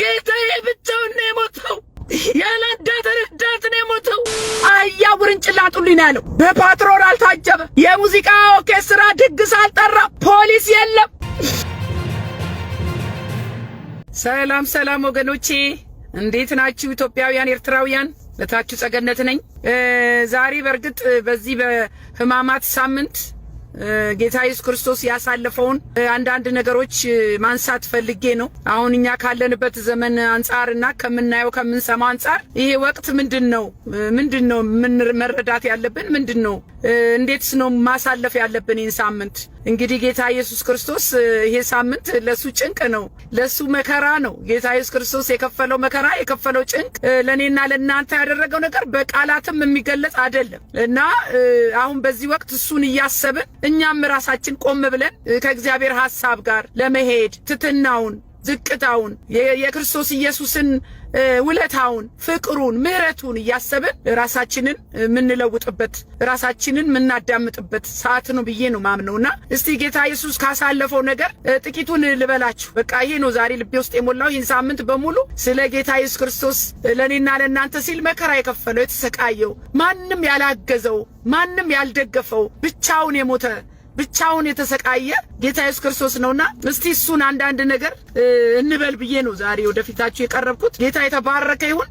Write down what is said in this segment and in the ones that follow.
ጌታዬ ብቻውን ነው የሞተው። ያለ እርዳታ ረዳት ነው የሞተው። አያ ውርንጭላጡልኝ ነው ያለው። በፓትሮል አልታጀበ፣ የሙዚቃ ኦርኬስትራ ድግስ አልጠራ፣ ፖሊስ የለም። ሰላም ሰላም ወገኖቼ እንዴት ናችሁ? ኢትዮጵያውያን ኤርትራውያን፣ ለታችሁ ጸገነት ነኝ። ዛሬ በእርግጥ በዚህ በህማማት ሳምንት ጌታ ኢየሱስ ክርስቶስ ያሳለፈውን አንዳንድ ነገሮች ማንሳት ፈልጌ ነው። አሁን እኛ ካለንበት ዘመን እና ከምናየው ከምንሰማው አንጻር ይሄ ወቅት ምንድን ነው? ምንድን ነው መረዳት ያለብን? ምንድን ነው? እንዴትስ ነው ማሳለፍ ያለብን ይህን ሳምንት? እንግዲህ ጌታ ኢየሱስ ክርስቶስ ይሄ ሳምንት ለሱ ጭንቅ ነው፣ ለሱ መከራ ነው። ጌታ ኢየሱስ ክርስቶስ የከፈለው መከራ የከፈለው ጭንቅ ለእኔና ለእናንተ ያደረገው ነገር በቃላትም የሚገለጽ አይደለም እና አሁን በዚህ ወቅት እሱን እያሰብን እኛም ራሳችን ቆም ብለን ከእግዚአብሔር ሐሳብ ጋር ለመሄድ ትትናውን ዝቅታውን የክርስቶስ ኢየሱስን ውለታውን፣ ፍቅሩን፣ ምሕረቱን እያሰብን ራሳችንን የምንለውጥበት ራሳችንን የምናዳምጥበት ሰዓት ነው ብዬ ነው ማምነው እስቲ ጌታ ኢየሱስ ካሳለፈው ነገር ጥቂቱን ልበላችሁ። በቃ ይሄ ነው ዛሬ ልቤ ውስጥ የሞላው። ይህን ሳምንት በሙሉ ስለ ጌታ ኢየሱስ ክርስቶስ ለእኔና ለእናንተ ሲል መከራ የከፈለው የተሰቃየው ማንም ያላገዘው ማንም ያልደገፈው ብቻውን የሞተ ብቻውን የተሰቃየ ጌታ ኢየሱስ ክርስቶስ ነውና እስቲ እሱን አንዳንድ ነገር እንበል ብዬ ነው ዛሬ ወደፊታችሁ የቀረብኩት። ጌታ የተባረከ ይሁን።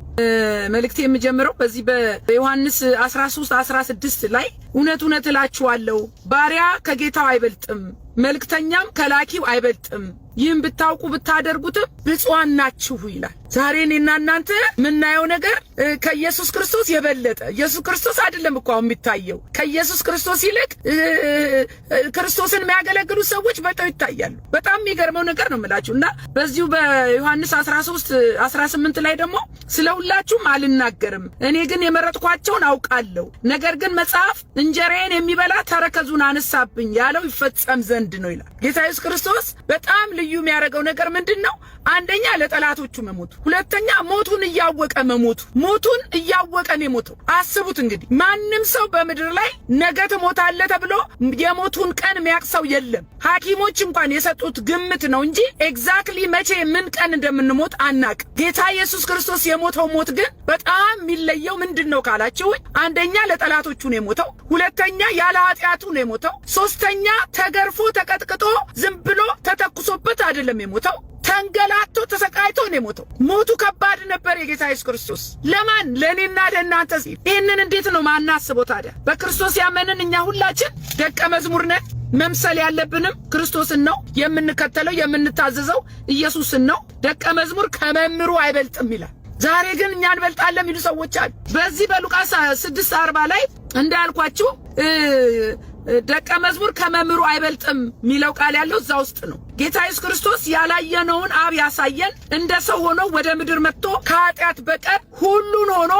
መልእክቴ የምጀምረው በዚህ በዮሐንስ 13 16 ላይ እውነት እውነት እላችኋለሁ ባሪያ ከጌታው አይበልጥም፣ መልእክተኛም ከላኪው አይበልጥም ይህም ብታውቁ ብታደርጉትም ብፁዓን ናችሁ ይላል። ዛሬ እኔና እናንተ የምናየው ነገር ከኢየሱስ ክርስቶስ የበለጠ ኢየሱስ ክርስቶስ አይደለም እኮ አሁን የሚታየው። ከኢየሱስ ክርስቶስ ይልቅ ክርስቶስን የሚያገለግሉ ሰዎች በጠው ይታያሉ። በጣም የሚገርመው ነገር ነው የምላችሁ እና በዚሁ በዮሐንስ 13 18 ላይ ደግሞ ስለ ሁላችሁም አልናገርም፣ እኔ ግን የመረጥኳቸውን አውቃለሁ። ነገር ግን መጽሐፍ እንጀራዬን የሚበላ ተረከዙን አነሳብኝ ያለው ይፈጸም ዘንድ ነው ይላል ጌታ ኢየሱስ ክርስቶስ በጣም ልዩ የሚያደርገው ነገር ምንድን ነው? አንደኛ ለጠላቶቹ መሞቱ፣ ሁለተኛ ሞቱን እያወቀ መሞቱ። ሞቱን እያወቀ ነው የሞተው። አስቡት እንግዲህ ማንም ሰው በምድር ላይ ነገ ትሞታለህ ተብሎ የሞቱን ቀን የሚያውቅ ሰው የለም። ሐኪሞች እንኳን የሰጡት ግምት ነው እንጂ ኤግዛክትሊ መቼ ምን ቀን እንደምንሞት አናቅ። ጌታ ኢየሱስ ክርስቶስ የሞተው ሞት ግን በጣም የሚለየው ምንድን ነው ካላችሁኝ፣ አንደኛ ለጠላቶቹ ነው የሞተው፣ ሁለተኛ ያለ ኃጢአቱ ነው የሞተው፣ ሶስተኛ ተገርፎ ተቀጥቅጦ ዝም ብሎ ተተኩሶበት ተገሎበት አይደለም የሞተው ተንገላቶ ተሰቃይቶ ነው የሞተው። ሞቱ ከባድ ነበር የጌታ ኢየሱስ ክርስቶስ ለማን ለእኔና ለእናንተ ሲል። ይህንን እንዴት ነው ማናስበው ታዲያ? በክርስቶስ ያመንን እኛ ሁላችን ደቀ መዝሙር ነን። መምሰል ያለብንም ክርስቶስን ነው የምንከተለው፣ የምንታዘዘው ኢየሱስን ነው። ደቀ መዝሙር ከመምህሩ አይበልጥም ይላል። ዛሬ ግን እኛ እንበልጣለን የሚሉ ሰዎች አሉ። በዚህ በሉቃስ ስድስት አርባ ላይ እንዳልኳችሁ ደቀ መዝሙር ከመምህሩ አይበልጥም የሚለው ቃል ያለው እዛ ውስጥ ነው። ጌታ ኢየሱስ ክርስቶስ ያላየነውን አብ ያሳየን እንደ ሰው ሆኖ ወደ ምድር መጥቶ ከኃጢአት በቀር ሁሉን ሆኖ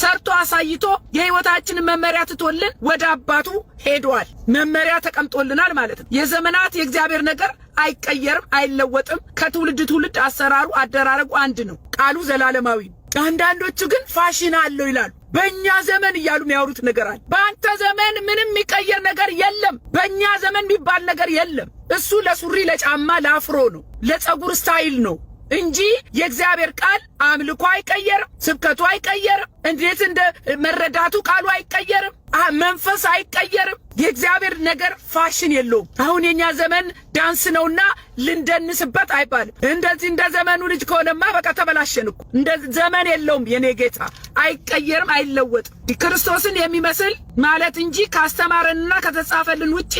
ሰርቶ አሳይቶ የሕይወታችንን መመሪያ ትቶልን ወደ አባቱ ሄዷል። መመሪያ ተቀምጦልናል ማለት ነው። የዘመናት የእግዚአብሔር ነገር አይቀየርም፣ አይለወጥም። ከትውልድ ትውልድ አሰራሩ፣ አደራረጉ አንድ ነው። ቃሉ ዘላለማዊ አንዳንዶቹ ግን ፋሽን አለው ይላሉ። በእኛ ዘመን እያሉ የሚያወሩት ነገር አለ። በአንተ ዘመን ምንም የሚቀየር ነገር የለም። በእኛ ዘመን የሚባል ነገር የለም። እሱ ለሱሪ ለጫማ ለአፍሮ ነው፣ ለጸጉር ስታይል ነው እንጂ የእግዚአብሔር ቃል አምልኮ አይቀየርም። ስብከቱ አይቀየርም። እንዴት እንደ መረዳቱ ቃሉ አይቀየርም። መንፈስ አይቀየርም። የእግዚአብሔር ነገር ፋሽን የለውም። አሁን የኛ ዘመን ዳንስ ነውና ልንደንስበት አይባልም። እንደዚህ እንደ ዘመኑ ልጅ ከሆነማ በቃ ተበላሸን እኮ። እንደ ዘመን የለውም የኔ ጌታ፣ አይቀየርም፣ አይለወጥም። ክርስቶስን የሚመስል ማለት እንጂ ካስተማረንና ከተጻፈልን ውጪ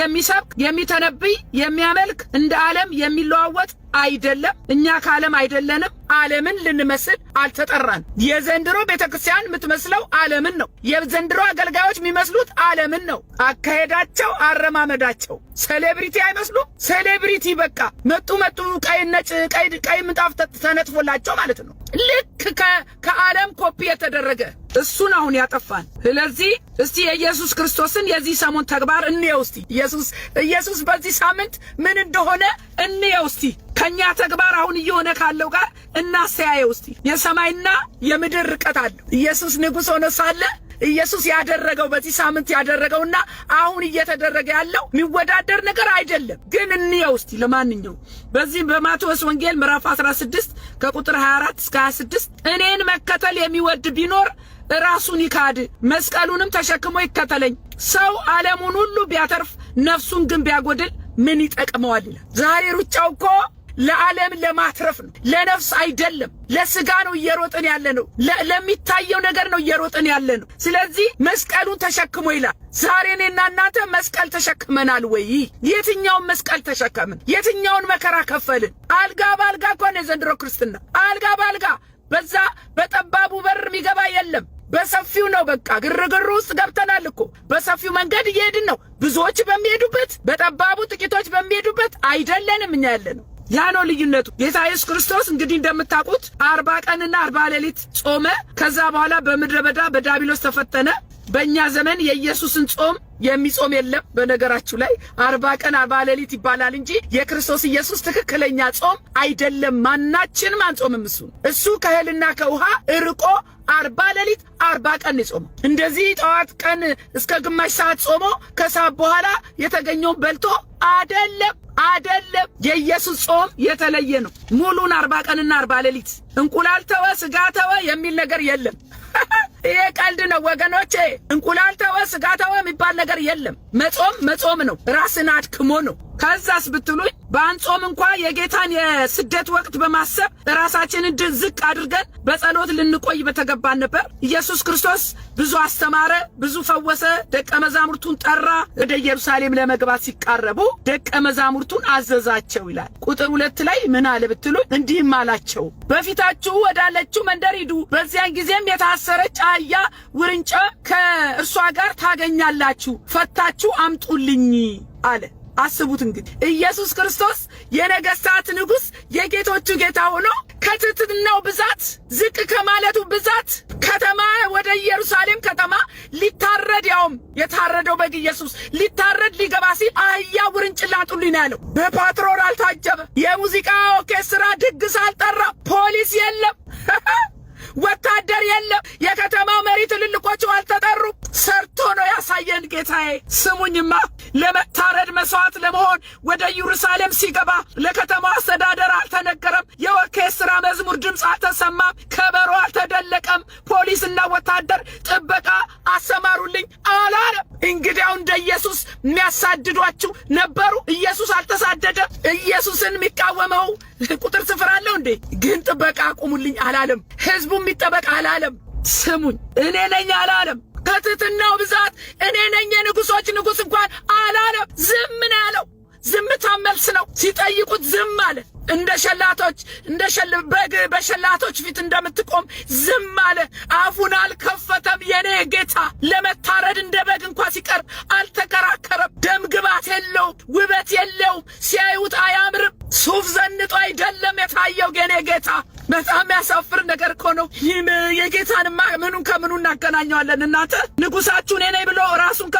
የሚሰብክ የሚተነብይ፣ የሚያመልክ እንደ ዓለም የሚለዋወጥ አይደለም። እኛ ከዓለም አይደለንም። ዓለምን ልንመስል አልተጠራን። የዘንድሮ ቤተ ክርስቲያን የምትመስለው ዓለምን ነው። የዘንድሮ አገልጋዮች የሚመስሉት ዓለምን ነው። አካሄዳቸው፣ አረማመዳቸው ሴሌብሪቲ አይመስሉም። ሴሌብሪቲ በቃ መጡ መጡ ቀይ ነጭ ቀይ ምንጣፍ ተነጥፎላቸው ማለት ነው። ልክ ከዓለም ኮፒ የተደረገ እሱን አሁን ያጠፋን። ስለዚህ እስቲ የኢየሱስ ክርስቶስን የዚህ ሰሞን ተግባር እንየው እስቲ ኢየሱስ ኢየሱስ በዚህ ሳምንት ምን እንደሆነ እንየው እስቲ ከእኛ ተግባር አሁን እየሆነ ካለው ጋር እናስተያየ ውስጥ የሰማይና የምድር ርቀት አለው። ኢየሱስ ንጉሥ ሆነ ሳለ ኢየሱስ ያደረገው በዚህ ሳምንት ያደረገውና አሁን እየተደረገ ያለው የሚወዳደር ነገር አይደለም። ግን እንየው እስቲ። ለማንኛውም በዚህ በማቴዎስ ወንጌል ምዕራፍ 16 ከቁጥር 24 እስከ 26 እኔን መከተል የሚወድ ቢኖር ራሱን ይካድ መስቀሉንም ተሸክሞ ይከተለኝ። ሰው ዓለሙን ሁሉ ቢያተርፍ ነፍሱን ግን ቢያጎድል ምን ይጠቅመዋል? ዛሬ ሩጫው እኮ ለዓለም ለማትረፍ ነው፣ ለነፍስ አይደለም። ለስጋ ነው እየሮጥን ያለ ነው፣ ለሚታየው ነገር ነው እየሮጥን ያለ ነው። ስለዚህ መስቀሉን ተሸክሞ ይላል። ዛሬ እኔና እናንተ መስቀል ተሸክመናል ወይ? የትኛውን መስቀል ተሸከምን? የትኛውን መከራ ከፈልን? አልጋ በአልጋ እኮ የዘንድሮ ክርስትና። አልጋ በአልጋ በዛ በጠባቡ በር የሚገባ የለም። በሰፊው ነው። በቃ ግርግሩ ውስጥ ገብተናል እኮ በሰፊው መንገድ እየሄድን ነው። ብዙዎች በሚሄዱበት በጠባቡ ጥቂቶች በሚሄዱበት አይደለንም እኛ ያለ ነው። ያ ነው ልዩነቱ። ጌታ ኢየሱስ ክርስቶስ እንግዲህ እንደምታውቁት አርባ ቀንና አርባ ሌሊት ጾመ። ከዛ በኋላ በምድረ በዳ በዳቢሎስ ተፈተነ። በእኛ ዘመን የኢየሱስን ጾም የሚጾም የለም። በነገራችሁ ላይ አርባ ቀን አርባ ሌሊት ይባላል እንጂ የክርስቶስ ኢየሱስ ትክክለኛ ጾም አይደለም። ማናችንም አንጾምም። እሱ እሱ ከእህልና ከውሃ እርቆ አርባ ሌሊት አርባ ቀን ይጾመ። እንደዚህ ጠዋት ቀን እስከ ግማሽ ሰዓት ጾሞ ከሰዓት በኋላ የተገኘውን በልቶ አደለም አደለም። የኢየሱስ ጾም የተለየ ነው። ሙሉን አርባ ቀንና አርባ ሌሊት እንቁላል ተወ፣ ስጋ ተወ የሚል ነገር የለም። ይሄ ቀልድ ነው ወገኖቼ። እንቁላል ተወ፣ ስጋ ተወ የሚባል ነገር የለም። መጾም መጾም ነው። ራስን አድክሞ ነው። ከዛስ ብትሉኝ በአንጾም እንኳ የጌታን የስደት ወቅት በማሰብ ራሳችንን ዝቅ አድርገን በጸሎት ልንቆይ በተገባን ነበር። ኢየሱስ ክርስቶስ ብዙ አስተማረ፣ ብዙ ፈወሰ፣ ደቀ መዛሙርቱን ጠራ። ወደ ኢየሩሳሌም ለመግባት ሲቃረቡ ደቀ መዛሙርቱን አዘዛቸው ይላል። ቁጥር ሁለት ላይ ምን አለ ብትሉኝ እንዲህም አላቸው፣ በፊታችሁ ወዳለችው መንደር ሂዱ፣ በዚያን ጊዜም የታሰረች አህያ ውርንጫ ከእርሷ ጋር ታገኛላችሁ፣ ፈታችሁ አምጡልኝ አለ። አስቡት እንግዲህ ኢየሱስ ክርስቶስ የነገስታት ንጉሥ የጌቶቹ ጌታ ሆኖ ከትትናው ብዛት ዝቅ ከማለቱ ብዛት ከተማ ወደ ኢየሩሳሌም ከተማ ሊታረድ ያውም የታረደው በግ ኢየሱስ ሊታረድ ሊገባ ሲል አህያ ውርንጭላ አምጡልኝ ያለው በፓትሮል አልታጀበ፣ የሙዚቃ ኦርኬስትራ ድግስ አልጠራ፣ ፖሊስ የለም። ወታደር የለም። የከተማው መሪ ትልልቆቹ አልተጠሩ ሰርቶ ነው ያሳየን ጌታዬ። ስሙኝማ ለመታረድ መስዋዕት ለመሆን ወደ ኢየሩሳሌም ሲገባ ለከተማው አስተዳደር አልተነገረም። የኦርኬስትራ መዝሙር ድምፅ አልተሰማም። ከበሮ አልተደለቀም። ፖሊስና ወታደር ጥበቃ አሰማሩልኝ አላለም። እንግዲያው እንደ ኢየሱስ የሚያሳድዷችሁ ነበሩ። ኢየሱስ አልተሳደደም። ኢየሱስን የሚቃወመው ቁጥር ስፍር አለው እንዴ? ግን ጥበቃ አቁሙልኝ አላለም። ህዝቡ የሚጠበቅ አላለም። ስሙኝ፣ እኔ ነኝ አላለም። ከትህትናው ብዛት እኔ ነኝ የንጉሶች ንጉስ እንኳን አላለም። ዝም ነው ያለው። ዝምታ መልስ ነው። ሲጠይቁት ዝም አለ። እንደ ሸላቶች እንደ በግ በሸላቶች ፊት እንደምትቆም ዝም አለ። አፉን አልከፈተም። የኔ ጌታ ለመታረድ እንደ በግ እንኳ ሲቀርብ አልተከራከረም። ደም ግባት የለውም፣ ውበት የለውም፣ ሲያዩት አያምርም። ሱፍ ዘንጦ አይደለም የታየው የኔ ጌታ። በጣም ያሳፍር ነገር እኮ ነው። ይህም የጌታንማ ምኑን ከምኑ እናገናኘዋለን? እናንተ ንጉሳችሁን እኔ ነኝ ብሎ ራሱን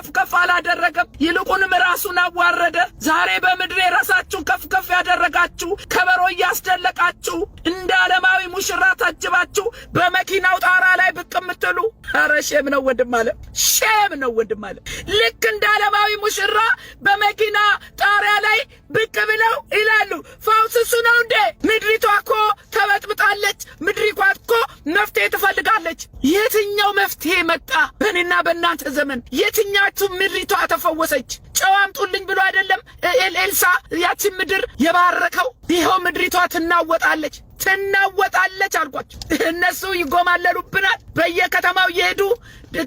አላደረገም። ይልቁንም ራሱን አዋረደ። ዛሬ በምድር የራሳችሁን ከፍ ከፍ ያደረጋችሁ ከበሮ እያስደለቃችሁ እንደ ዓለማዊ ሙሽራ ታጅባችሁ በመኪናው ጣራ ላይ ብቅ የምትሉ አረ ሼም ነው ወንድም አለ ሼም ነው ወንድም አለ። ልክ እንደ አለማዊ ሙሽራ በመኪና ጣሪያ ላይ ብቅ ብለው ይላሉ ፋውስሱ ነው እንዴ? ምድሪቷ እኮ ተበጥብጣለች። ምድሪቷ እኮ መፍትሄ ትፈልጋለች። የትኛው መፍትሄ መጣ? በእኔና በእናንተ ዘመን የትኛቱ ምድሪቷ ተፈወሰች? ጨው አምጡልኝ ብሎ አይደለም ኤልሳ ያችን ምድር የባረከው። ይኸው ምድሪቷ ትናወጣለች። ትናወጣለች አልኳቸው። እነሱ ይጎማለሉብናል። በየከተማው እየሄዱ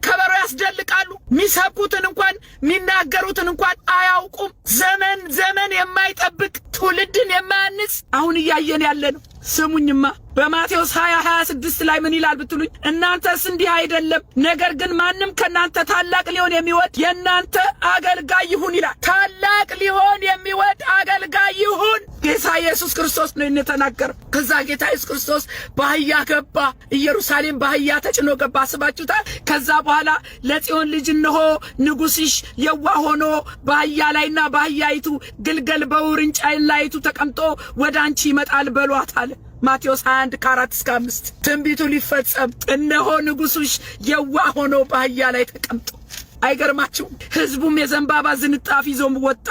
ከበሮ ያስደልቃሉ። የሚሰብኩትን እንኳን የሚናገሩትን እንኳን አያውቁም። ዘመን ዘመን የማይጠብቅ ትውልድን የማያንጽ አሁን እያየን ያለ ነው። ስሙኝማ በማቴዎስ 20 26 ላይ ምን ይላል ብትሉኝ፣ እናንተስ እንዲህ አይደለም፣ ነገር ግን ማንም ከእናንተ ታላቅ ሊሆን የሚወድ የእናንተ አገልጋይ ይሁን ይላል። ታላቅ ሊሆን የሚወድ አገልጋይ ይሁን። ጌታ ኢየሱስ ክርስቶስ ነው የተናገረው። ከዛ ጌታ ኢየሱስ ክርስቶስ በአህያ ገባ። ኢየሩሳሌም በአህያ ተጭኖ ገባ። አስባችሁታል? ከዛ በኋላ ለጽዮን ልጅ እንሆ ንጉሥሽ የዋ ሆኖ በአህያ ላይና በአህያይቱ ግልገል በውርንጫይን ላይቱ ተቀምጦ ወደ አንቺ ይመጣል በሏት አለ። ማቴዎስ 21 4 እስከ 5 ትንቢቱ ሊፈጸም እነሆ ንጉሱሽ የዋ ሆኖ በአህያ ላይ ተቀምጦ አይገርማችሁ? ህዝቡም የዘንባባ ዝንጣፍ ይዞም ወጣ፣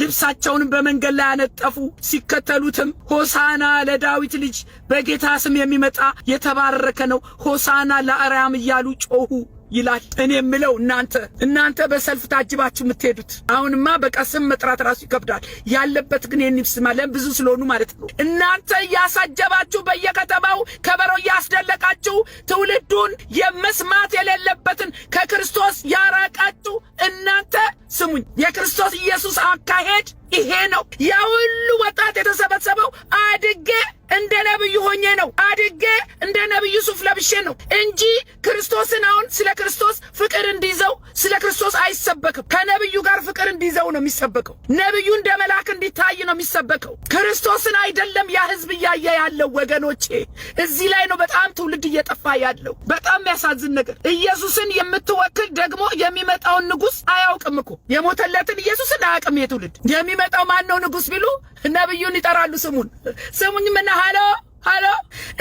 ልብሳቸውንም በመንገድ ላይ አነጠፉ። ሲከተሉትም ሆሳና ለዳዊት ልጅ በጌታ ስም የሚመጣ የተባረከ ነው፣ ሆሳና ለአርያም እያሉ ጮኹ። ይላል። እኔ የምለው እናንተ እናንተ በሰልፍ ታጅባችሁ የምትሄዱት አሁንማ በቀስም መጥራት ራሱ ይከብዳል። ያለበት ግን የኒብስ ማለም ብዙ ስለሆኑ ማለት ነው። እናንተ እያሳጀባችሁ በየከተማው ከበሮ እያስደለቃችሁ ትውልዱን የመስማት የሌለበትን ከክርስቶስ ያራቃችሁ እናንተ ስሙኝ፣ የክርስቶስ ኢየሱስ አካሄድ ይሄ ነው ያ ሁሉ ወጣት የተሰበሰበው አድጌ እንደ ነብዩ ሆኜ ነው አድጌ እንደ ነብዩ ሱፍ ለብሼ ነው እንጂ ክርስቶስን አሁን ስለ ክርስቶስ ፍቅር እንዲይዘው ስለ ክርስቶስ አይሰበክም። ከነብዩ ጋር ፍቅር እንዲይዘው ነው የሚሰበከው። ነብዩ እንደ መልአክ እንዲታይ ነው የሚሰበከው። ክርስቶስን አይደለም ያ ህዝብ እያየ ያለው ወገኖቼ። እዚህ ላይ ነው በጣም ትውልድ እየጠፋ ያለው። በጣም የሚያሳዝን ነገር ኢየሱስን የምትወክል ደግሞ የሚመጣውን ንጉሥ አያውቅም እኮ የሞተለትን ኢየሱስን አያውቅም የትውልድ የሚመጣው ማን ነው ንጉስ ቢሉ ነብዩን ይጠራሉ። ስሙን ስሙኝምና ሀሎ ሀሎ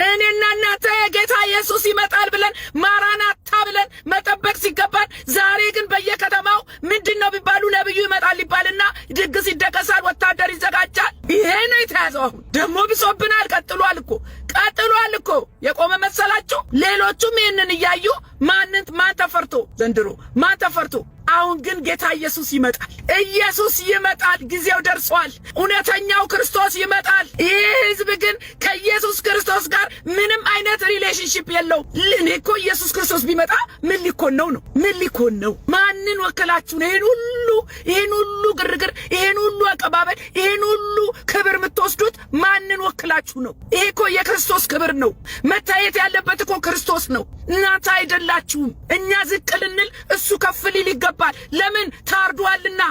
እኔና እናንተ ጌታ ኢየሱስ ይመጣል ብለን ማራናታ ብለን መጠበቅ ሲገባን፣ ዛሬ ግን በየከተማው ምንድን ነው ቢባሉ ነብዩ ይመጣል ይባልና ድግስ ይደገሳል፣ ወታደር ይዘጋጃል። ይሄ ነው የተያዘው። አሁን ደግሞ ብሶብናል። ቀጥሏል እኮ ቀጥሏል እኮ የቆመ መሰላችሁ? ሌሎቹም ይህንን እያዩ ማንንት ማን ተፈርቶ ዘንድሮ ማን ተፈርቶ አሁን ግን ጌታ ኢየሱስ ይመጣል። ኢየሱስ ይመጣል። ጊዜው ደርሷል። እውነተኛው ክርስቶስ ይመጣል። ይህ ህዝብ ግን ከኢየሱስ ክርስቶስ ጋር ምንም አይነት ሪሌሽንሽፕ የለው። እኔ እኮ ኢየሱስ ክርስቶስ ቢመጣ ምን ሊኮን ነው ነው ምን ሊኮን ነው? ማንን ወከላችሁ ነው ይህን ሁሉ ይህን ሁሉ ግርግር፣ ይህን ሁሉ አቀባበል፣ ይህን ሁሉ ክብር የምትወስዱት ማንን ወክላችሁ ነው? ይሄ እኮ የክርስቶስ ክብር ነው። መታየት ያለበት እኮ ክርስቶስ ነው። እናንተ አይደላችሁም። እኛ ዝቅ ልንል እሱ ከፍ ሊል ይገባል። ለምን ታርዷልና።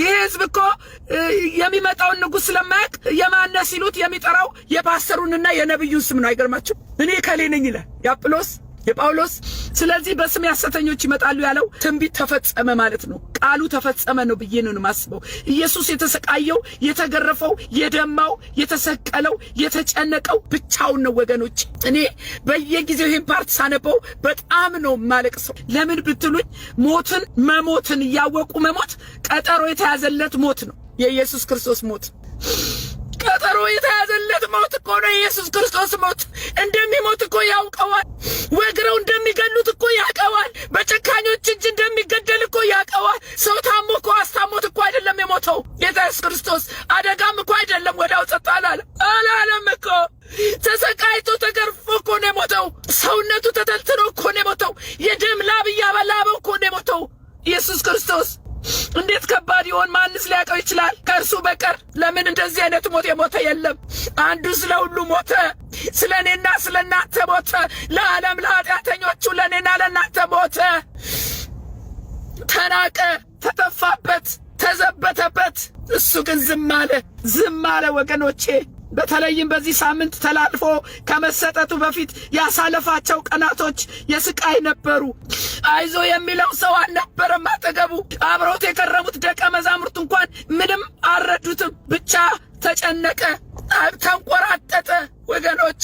ይሄ ህዝብ እኮ የሚመጣውን ንጉሥ ስለማያውቅ የማነ ሲሉት የሚጠራው የፓስተሩንና የነብዩን ስም ነው። አይገርማችሁ? እኔ ከሌ ነኝ ይላል የጳውሎስ ስለዚህ በስም ሐሰተኞች ይመጣሉ ያለው ትንቢት ተፈጸመ ማለት ነው። ቃሉ ተፈጸመ ነው ብዬ ነው የማስበው። ኢየሱስ የተሰቃየው፣ የተገረፈው፣ የደማው፣ የተሰቀለው፣ የተጨነቀው ብቻውን ነው ወገኖች። እኔ በየጊዜው ይህን ፓርት ሳነበው በጣም ነው ማለቅ ሰው ለምን ብትሉኝ ሞትን መሞትን እያወቁ መሞት ቀጠሮ የተያዘለት ሞት ነው የኢየሱስ ክርስቶስ ሞት ቀጠሮ የተያዘለት ሞት እኮ ነው። ኢየሱስ ክርስቶስ ሞት እንደሚሞት እኮ ያውቀዋል። ወግረው እንደሚገሉት እኮ ያውቀዋል። በጨካኞች እጅ እንደሚገደል እኮ ያውቀዋል። ሰው ታሞ እኮ አስታሞት እኮ አይደለም የሞተው ጌታ ኢየሱስ ክርስቶስ። አደጋም እኮ አይደለም ወዲያው ጸጥ አላለ አላለም እኮ ተሰቃይቶ ተገርፎ እኮ ነው የሞተው። ሰውነቱ ተተልትኖ እኮ ነው የሞተው። የደም ላብ እያበላበው እኮ ነው የሞተው ኢየሱስ ክርስቶስ እንዴት ከባድ ይሆን? ማንስ ሊያውቀው ይችላል? ከእርሱ በቀር ለምን እንደዚህ አይነት ሞት የሞተ የለም። አንዱ ስለ ሁሉ ሞተ። ስለ እኔና ስለ እናንተ ሞተ። ለዓለም ለኃጢአተኞቹ ለእኔና ለእናንተ ሞተ። ተናቀ፣ ተተፋበት፣ ተዘበተበት። እሱ ግን ዝም አለ፣ ዝም አለ ወገኖቼ። በተለይም በዚህ ሳምንት ተላልፎ ከመሰጠቱ በፊት ያሳለፋቸው ቀናቶች የስቃይ ነበሩ። አይዞ የሚለው ሰው አልነበረም አጠገቡ። አብሮት የቀረቡት ደቀ መዛሙርት እንኳን ምንም አልረዱትም። ብቻ ተጨነቀ፣ ተንቆራጠጠ ወገኖቼ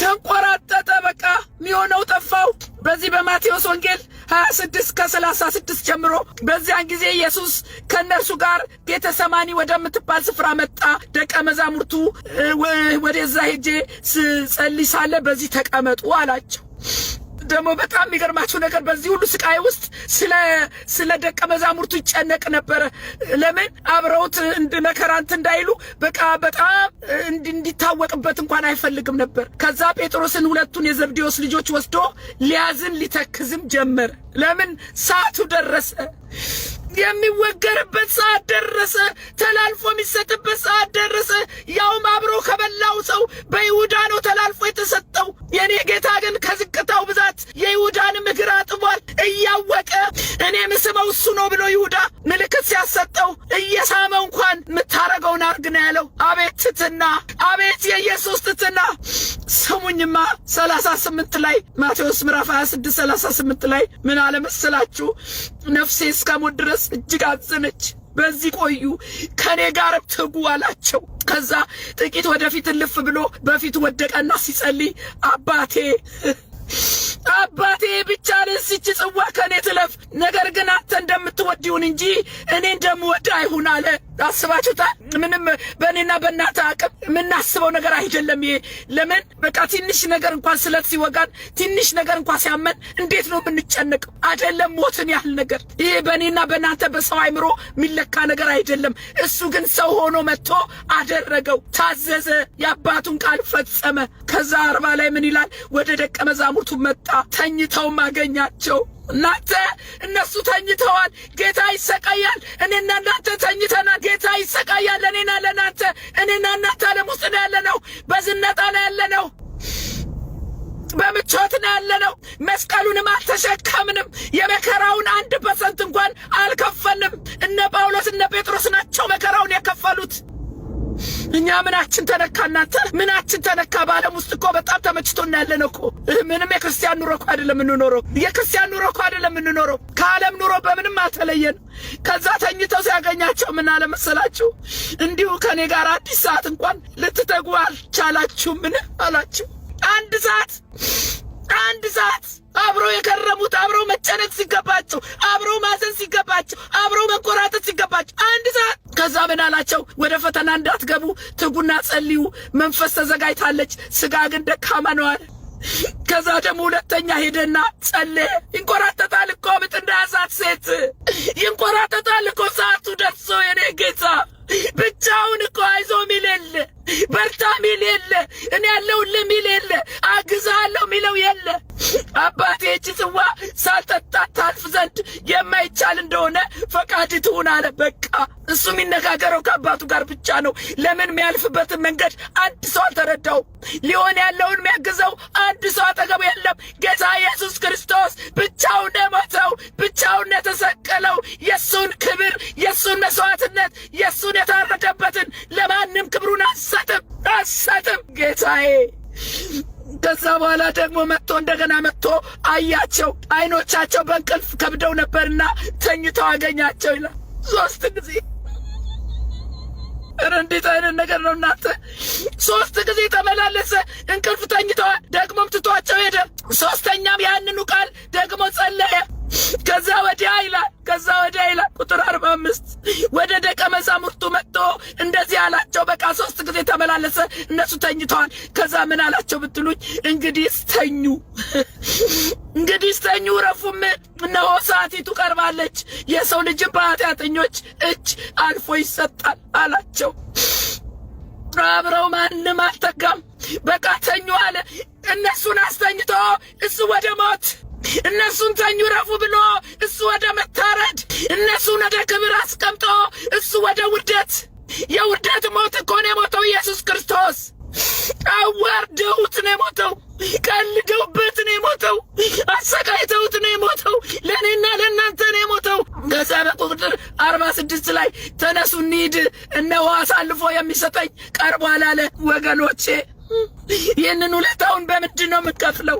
ተንቆራጠጠ። በቃ የሚሆነው ጠፋው። በዚህ በማቴዎስ ወንጌል 26 ከ36 ጀምሮ በዚያን ጊዜ ኢየሱስ ከእነርሱ ጋር ጌተሰማኒ ወደምትባል ስፍራ መጣ። ደቀ መዛሙርቱ ወደዛ ሄጄ ስጸልይ ሳለ በዚህ ተቀመጡ አላቸው። ደግሞ በጣም የሚገርማችሁ ነገር በዚህ ሁሉ ስቃይ ውስጥ ስለ ደቀ መዛሙርቱ ይጨነቅ ነበረ። ለምን አብረውት መከራንት እንዳይሉ በቃ በጣም እንዲታወቅበት እንኳን አይፈልግም ነበር። ከዛ ጴጥሮስን ሁለቱን የዘብዴዎስ ልጆች ወስዶ ሊያዝን ሊተክዝም ጀመረ። ለምን ሰዓቱ ደረሰ። የሚወገርበት ሰዓት ደረሰ። ተላልፎ የሚሰጥበት ሰዓት ደረሰ። ያውም አብሮ ከበላው ሰው በይሁዳ ነው ተላልፎ የተሰጠው። የእኔ ጌታ ግን ከዝቅታው ብዛት የይሁዳን እግር አጥቧል እያወቀ። እኔ ምስመው እሱ ነው ብሎ ይሁዳ ምልክት ሲያሰጠው እየሳመ እንኳን ምታ ነው ያለው። አቤት ትትና፣ አቤት የኢየሱስ ትትና። ስሙኝማ 38 ላይ ማቴዎስ ምዕራፍ 26 38 ላይ ምን አለ መሰላችሁ? ነፍሴ እስከ ሞት ድረስ እጅግ አዘነች፣ በዚህ ቆዩ፣ ከእኔ ጋር ትጉ አላቸው። ከዛ ጥቂት ወደፊት እልፍ ብሎ በፊት ወደቀና ሲጸልይ አባቴ አባቴ ብቻህን ስች ጽዋ ከኔ ትለፍ፣ ነገር ግን አንተ እንደምትወድውን እንጂ እኔ እንደምወድ አይሁን አለ። አስባችሁታል? ምንም በእኔና በእናተ አቅም የምናስበው ነገር አይደለም ይሄ። ለምን በቃ ትንሽ ነገር እንኳን ስለት ሲወጋን፣ ትንሽ ነገር እንኳን ሲያመን እንዴት ነው የምንጨነቀው? አይደለም ሞትን ያህል ነገር ይሄ በእኔና በእናንተ በሰው አይምሮ የሚለካ ነገር አይደለም። እሱ ግን ሰው ሆኖ መጥቶ አደረገው፣ ታዘዘ፣ የአባቱን ቃል ፈጸመ። ከዛ አርባ ላይ ምን ይላል? ወደ ደቀ መዛሙርቱ መጣ ስመጣ ተኝተው ማገኛቸው። እናንተ እነሱ ተኝተዋል፣ ጌታ ይሰቃያል። እኔና እናንተ ተኝተናል፣ ጌታ ይሰቃያል። እኔና ለናንተ እኔና እናንተ ዓለም ውስጥ ነው ያለነው፣ በዝነጣ ነው ያለነው፣ በምቾት ነው ያለነው። መስቀሉንም አልተሸከምንም። የመከራውን አንድ ፐርሰንት እንኳን አልከፈልንም። እነ ጳውሎስ እነ ጴጥሮስ ናቸው መከራውን የከፈሉት። እኛ ምናችን ተነካ? እናንተ ምናችን ተነካ? በዓለም ውስጥ እኮ በጣም ተመችቶ እናያለን እኮ ምንም የክርስቲያን ኑሮ እኮ አይደለም እንኖረው። የክርስቲያን ኑሮ እኮ አይደለም የምንኖረው ከዓለም ኑሮ በምንም አልተለየን። ከዛ ተኝተው ሲያገኛቸው ምን እንዲሁ ከእኔ ጋር አዲስ ሰዓት እንኳን ልትተጉ አልቻላችሁ ምን አላችሁ? አንድ ሰዓት አንድ ሰዓት አብሮ የከረሙት አብሮ መጨነቅ ሲገባቸው፣ አብሮ ማዘን ሲገባቸው፣ አብሮ መቆራጠት ሲገባቸው አንድ ሰዓት ከዛ ምን አላቸው? ወደ ፈተና እንዳትገቡ ትጉና ጸልዩ። መንፈስ ተዘጋጅታለች፣ ስጋ ግን ደካማ ነዋል። ከዛ ደግሞ ሁለተኛ ሄደና ጸለየ። ይንቆራጠጣል እኮ ምጥ እንዳያሳት ሴት ይንቆራጠጣል እኮ ሰዓቱ ደርሶ የኔ ጌታ ብቻውን እኮ አይዞ ሚል የለ፣ በርታ ሚል የለ፣ እኔ ያለሁልህ ሚል የለ፣ አግዝሃለሁ ሚለው የለ። አባቴ እጅ ጽዋ ሳልጠጣ ታልፍ ዘንድ የማይቻል እንደሆነ ፈቃድ ትሁን አለ። በቃ እሱ የሚነጋገረው ከአባቱ ጋር ብቻ ነው። ለምን የሚያልፍበትን መንገድ አንድ ሰው አልተረዳው። ሊሆን ያለውን የሚያግዘው አንድ ሰው አጠገቡ የለም። ጌታ ኢየሱስ ክርስቶስ ብቻውን የሞተው ብቻውን የተሰቀለው የእሱን ክብር የእሱን መስዋዕትነት የእሱን የታረደበትን ለማንም ክብሩን አሰጥም አሰጥም ጌታዬ። ከዛ በኋላ ደግሞ መጥቶ እንደገና መጥቶ አያቸው፣ አይኖቻቸው በእንቅልፍ ከብደው ነበርና ተኝተው አገኛቸው ይላል ሶስት ጊዜ እንዴት አይነት ነገር ነው እናንተ! ሶስት ጊዜ ተመላለሰ። እንቅልፍ ተኝተዋል። ደግሞም ትቷቸው ሄደ። ሶስተኛም ያንኑ ቃል ደግሞ ጸለየ። ከዛ ወዲያ ይላል ከዛ ወዲያ ይላል ቁጥር አርባ አምስት ወደ ደቀ መዛሙርቱ መጥቶ እንደዚህ አላቸው። በቃ ሶስት ጊዜ ተመላለሰ። እነሱ ተኝተዋል። ከዛ ምን አላቸው ብትሉኝ እንግዲህ ተኙ፣ እንግዲህ ተኙ፣ ረፉም፣ እነሆ ሰዓቲቱ ቀርባለች፣ የሰው ልጅ በኃጢአተኞች እጅ አልፎ ይሰጣል አላቸው። አብረው ማንም አልተጋም። በቃ ተኙ አለ። እነሱን አስተኝቶ እሱ ወደ ሞት እነሱን ተኙ ረፉ ብሎ እሱ ወደ መታረድ፣ እነሱን ወደ ክብር አስቀምጦ እሱ ወደ ውደት የውደት ሞት እኮ ነው የሞተው ኢየሱስ ክርስቶስ። አዋርደውት ነው የሞተው። ቀልደውበት ነው የሞተው። አሰቃይተውት ነው የሞተው። ለእኔና ለእናንተ ነው የሞተው። ከዛ በቁጥር አርባ ስድስት ላይ ተነሱ እንሂድ፣ እነሆ አሳልፎ የሚሰጠኝ ቀርቧል አለ። ወገኖቼ ይህንን ውለታውን በምንድን ነው የምንከፍለው?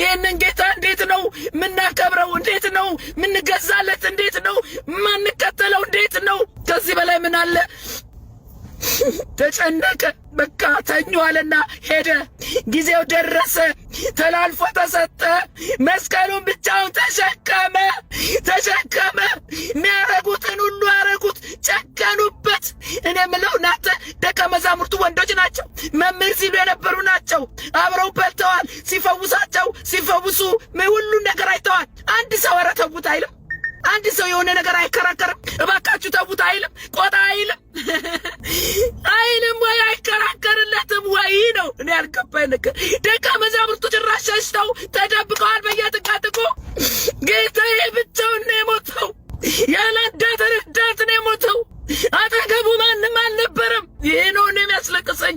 ይህንን ጌታ እንዴት ነው የምናከብረው? እንዴት ነው የምንገዛለት? እንዴት ነው የማንከተለው? እንዴት ነው ከዚህ በላይ ምን አለ? ተጨነቀ። በቃ ተኙ ሄደ። ጊዜው ደረሰ፣ ተላልፎ ተሰጠ። መስቀሉን ብቻውን ተሸከመ ተሸከመ። የሚያረጉትን ሁሉ አረጉት፣ ጨከኑበት። እኔ የምለው እናንተ ደቀ መዛሙርቱ ወንዶች ናቸው፣ መምህር ሲሉ የነበሩ ናቸው። አብረው በልተዋል፣ ሲፈውሳቸው ሲፈውሱ ሁሉን ነገር አይተዋል። አንድ ሰው ኧረ ተዉት አይልም። አንድ ሰው የሆነ ነገር አይከራከርም። እባካችሁ ተዉት አይልም፣ ቆጣ አይልም፣ አይልም ወይ አይከራከርለትም ወይ ነው። እኔ ያልገባኝ ነገር ደቀ መዛሙርቱ ጭራሽ ሸሽተው ተደብቀዋል በየጥቃጥቁ። ጌታዬ ብቻውን ነው የሞተው። ያለ እርዳታ ነው የሞተው። አጠገቡ ማንም አልነበረም። ይሄ ነው እኔ የሚያስለቅሰኝ።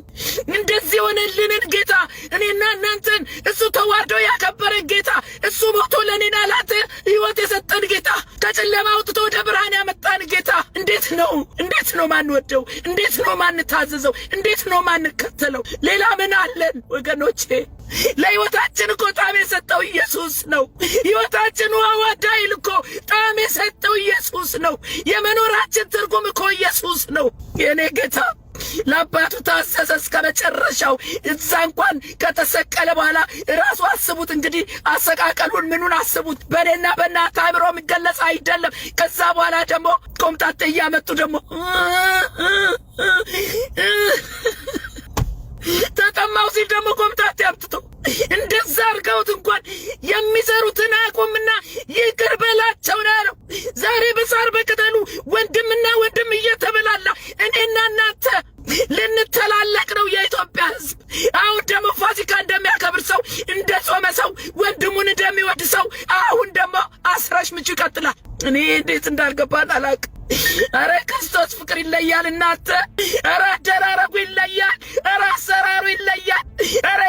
እንደዚህ የሆነልንን ጌታ እኔና እናንተን እሱ ተዋዶ ያከበረን ጌታ እሱ ሞቶ ለእኔና ላንተ ሕይወት የሰጠን ጌታ ከጨለማ አውጥቶ ወደ ብርሃን ያመጣን ጌታ እንዴት ነው እንዴት ነው ማንወደው? እንዴት ነው ማንታዘዘው? እንዴት ነው ማንከተለው? ሌላ ምን አለን ወገኖቼ? ለህይወታችን እኮ ጣዕም የሰጠው ኢየሱስ ነው። ህይወታችን ውሃዋ ዳይል እኮ ጣዕም የሰጠው ኢየሱስ ነው። የመኖራችን ትርጉም እኮ ኢየሱስ ነው። የእኔ ጌታ ለአባቱ ታዘዘ እስከ መጨረሻው። እዛ እንኳን ከተሰቀለ በኋላ ራሱ አስቡት እንግዲህ አሰቃቀሉን ምኑን አስቡት። በእኔና በእናንተ አእምሮ የሚገለጽ አይደለም። ከዛ በኋላ ደግሞ ቆምጣጤ እያመጡ ደግሞ ተጠማው ሲል ደግሞ ኮምታት ያምጥቶ እንደዛ አርገውት እንኳን የሚሰሩትን አቁምና ይቅር በላቸው ነው ያለው። ዛሬ በሳር በቅጠሉ ወንድምና ወንድም እየተበላላ እኔና እናንተ ልንተላለቅ ነው። የኢትዮጵያ ህዝብ አሁን ደግሞ ፋሲካ እንደሚያከብር ሰው እንደ ጾመ ሰው ወንድሙን እንደሚወድ ሰው አሁን ደግሞ አስራሽ ምቹ ይቀጥላል። እኔ እንዴት እንዳልገባ አላውቅም። ኧረ ክርስቶስ ፍቅር ይለያል እናንተ! ኧረ አደራረጉ ይለያል፣ ኧረ አሰራሩ ይለያል፣ ኧረ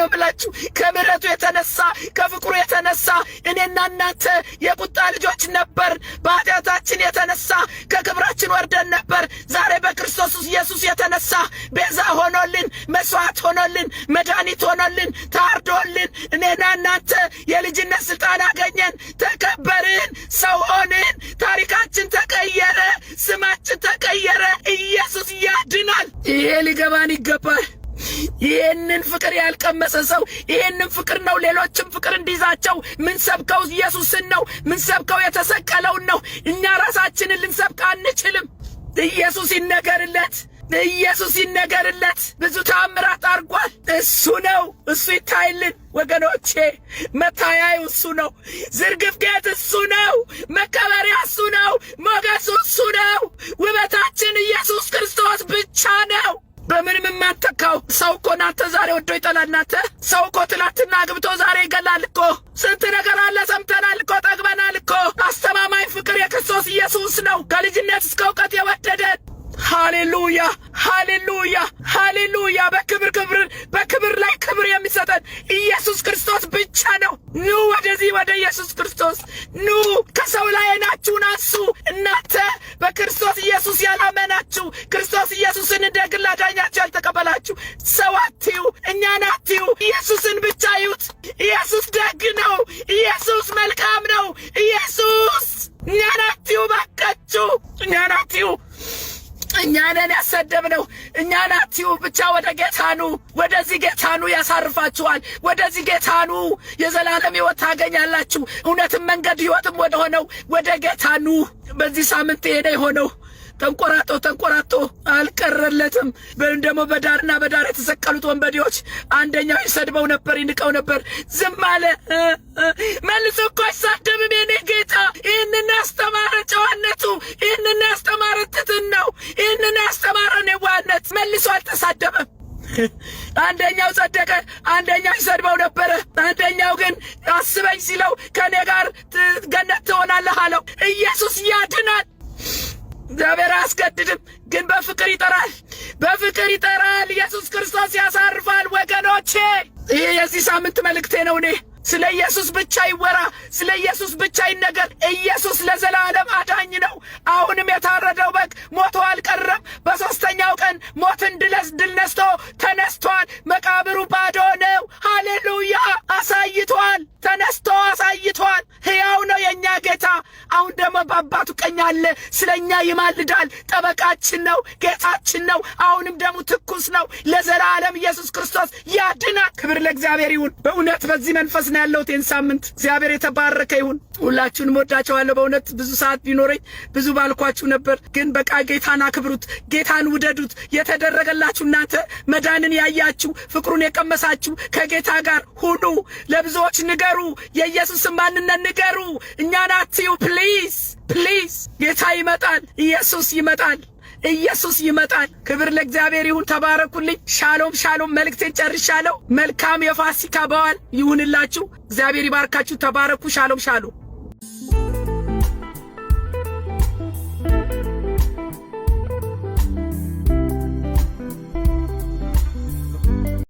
ነው ብላችሁ ከምረቱ የተነሳ ከፍቅሩ የተነሳ እኔና እናንተ የቁጣ ልጆች ነበር። በኃጢአታችን የተነሳ ከክብራችን ወርደን ነበር። ዛሬ በክርስቶስ ኢየሱስ የተነሳ ቤዛ ሆኖልን፣ መስዋዕት ሆኖልን፣ መድኃኒት ሆኖልን፣ ታርዶልን እኔና እናንተ የልጅነት ስልጣን አገኘን፣ ተከበርን፣ ሰው ሆንን። ታሪካችን ተቀየረ፣ ስማችን ተቀየረ። ኢየሱስ ያድናል። ይሄ ሊገባን ይገባል። ይህንን ፍቅር ያልቀመሰ ሰው ይህንን ፍቅር ነው ሌሎችም ፍቅር እንዲይዛቸው ምን ሰብከው ኢየሱስን ነው ምን ሰብከው የተሰቀለውን ነው። እኛ ራሳችንን ልንሰብከ አንችልም። ኢየሱስ ይነገርለት፣ ኢየሱስ ይነገርለት። ብዙ ተአምራት አርጓል እሱ ነው እሱ ይታይልን ወገኖቼ። መታያዩ እሱ ነው፣ ዝርግፍጌት እሱ ነው፣ መከበሪያ እሱ ነው፣ ሞገሱ እሱ ነው። ውበታችን ኢየሱስ ክርስቶስ ብቻ ነው። በምንም የማተካው ሰው እኮ ናተ ዛሬ ወዶ ይጠላል። ናተ ሰው እኮ ትላትና አግብቶ ዛሬ ይገላል እኮ። ስንት ነገር አለ ሰምተናል እኮ ጠግበናል እኮ። አስተማማኝ ፍቅር የክርስቶስ ኢየሱስ ነው፣ ከልጅነት እስከ እውቀት የወደደን ሃሌሉያ ሃሌሉያ ሃሌሉያ። በክብር ክብርን በክብር ላይ ክብር የሚሰጠን ኢየሱስ ክርስቶስ ብቻ ነው። ኑ ወደዚህ ወደ ኢየሱስ ክርስቶስ ኑ። ከሰው ላይ አይናችሁን አንሱ። እናንተ በክርስቶስ ኢየሱስ ያላመናችሁ፣ ክርስቶስ ኢየሱስን እንደ ግል አዳኛችሁ ያልተቀበላችሁ ሰው አትዩ፣ እኛን አትዩ፣ ኢየሱስን ብቻ ይዩት። ኢየሱስ ደግ ነው። ኢየሱስ መልካም ነው። ኢየሱስ እኛን አትዩ፣ ባካችሁ እኛን አትዩ። እኛንን ያሰደብነው እኛ ናቲው ብቻ ወደ ጌታኑ ወደዚህ ጌታኑ ያሳርፋችኋል። ወደዚህ ጌታኑ የዘላለም ህይወት ታገኛላችሁ። እውነትም መንገድ ህይወትም ወደሆነው ወደ ጌታኑ በዚህ ሳምንት ሄደ የሆነው ተንቆራጦ ተንቆራጦ አልቀረለትም። ደግሞ በዳርና በዳር የተሰቀሉት ወንበዴዎች አንደኛው ይሰድበው ነበር፣ ይንቀው ነበር። ዝም አለ። መልሶ እኮ አይሳደብም። የኔ ጌታ ይህንን ያስተማረ ጨዋነቱ፣ ይህንን ያስተማረ ትትናው፣ ይህንን ያስተማረ የዋህነት። መልሶ አልተሳደበም። አንደኛው ጸደቀ፣ አንደኛው ይሰድበው ነበረ። አንደኛው ግን አስበኝ ሲለው ከእኔ ጋር ገነት ትሆናለህ አለው። ኢየሱስ ያድናል። እግዚአብሔር አያስገድድም፣ ግን በፍቅር ይጠራል። በፍቅር ይጠራል። ኢየሱስ ክርስቶስ ያሳርፋል። ወገኖቼ ይህ የዚህ ሳምንት መልእክቴ ነው እኔ ስለ ኢየሱስ ብቻ ይወራ፣ ስለ ኢየሱስ ብቻ ይነገር። ኢየሱስ ለዘላለም አዳኝ ነው። አሁንም የታረደው በግ ሞቶ አልቀረም። በሦስተኛው ቀን ሞትን ድለስ ድል ነስቶ ተነስቷል። መቃብሩ ባዶ ነው። ሃሌሉያ! አሳይቷል። ተነስቶ አሳይቷል። ሕያው ነው የእኛ ጌታ። አሁን ደግሞ በአባቱ ቀኝ አለ። ስለ እኛ ይማልዳል። ጠበቃችን ነው፣ ጌታችን ነው። አሁንም ደሙ ትኩስ ነው። ለዘላለም ኢየሱስ ክርስቶስ ያድናል። ክብር ለእግዚአብሔር ይሁን። በእውነት በዚህ መንፈስ ነው ያለሁት ይህን ሳምንት። እግዚአብሔር የተባረከ ይሁን። ሁላችሁንም ወዳቸዋለሁ። በእውነት ብዙ ሰዓት ቢኖረኝ ብዙ ባልኳችሁ ነበር፣ ግን በቃ ጌታን አክብሩት፣ ጌታን ውደዱት። የተደረገላችሁ እናንተ መዳንን ያያችሁ ፍቅሩን የቀመሳችሁ ከጌታ ጋር ሁኑ። ለብዙዎች ንገሩ፣ የኢየሱስን ማንነት ንገሩ። እኛን አትዩ። ፕሊዝ ፕሊዝ፣ ጌታ ይመጣል፣ ኢየሱስ ይመጣል። ኢየሱስ ይመጣል። ክብር ለእግዚአብሔር ይሁን። ተባረኩልኝ። ሻሎም ሻሎም። መልእክቴን ጨርሻለሁ። መልካም የፋሲካ በዓል ይሁንላችሁ። እግዚአብሔር ይባርካችሁ። ተባረኩ። ሻሎም ሻሎም።